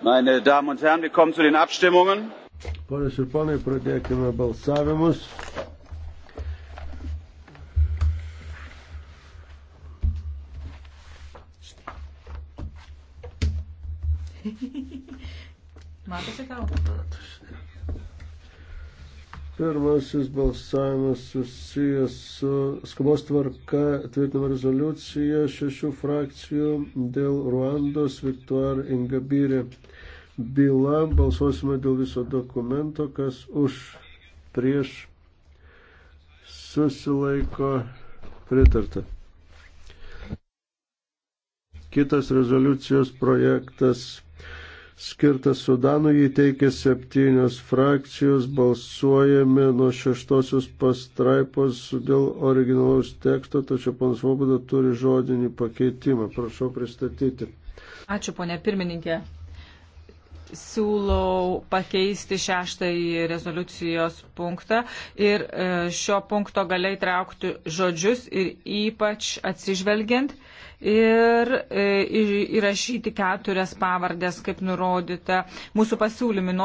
Meine Damen und Herren, wir kommen zu den Abstimmungen. Ponios ir ponai, pradėkime balsavimus. Matosi tau? Matosi. Pirmasis balsavimas susijęs su skubos tvarka tvirtinama rezoliucija šešių frakcijų dėl Ruandos Viktuar Ingabirė byla. Balsuosime dėl viso dokumento, kas už prieš susilaiko pritarta. Kitas rezoliucijos projektas skirtas Sudanui, jį teikia septynios frakcijos, balsuojame nuo šeštosios pastraipos dėl originalaus teksto, tačiau panas Voboda turi žodinį pakeitimą. Prašau pristatyti. Ačiū, ponė pirmininkė siūlau pakeisti šeštąjį rezoliucijos punktą ir e, šio punkto galiai traukti žodžius ir ypač atsižvelgiant ir e, įrašyti keturias pavardės, kaip nurodyta mūsų pasiūlymi.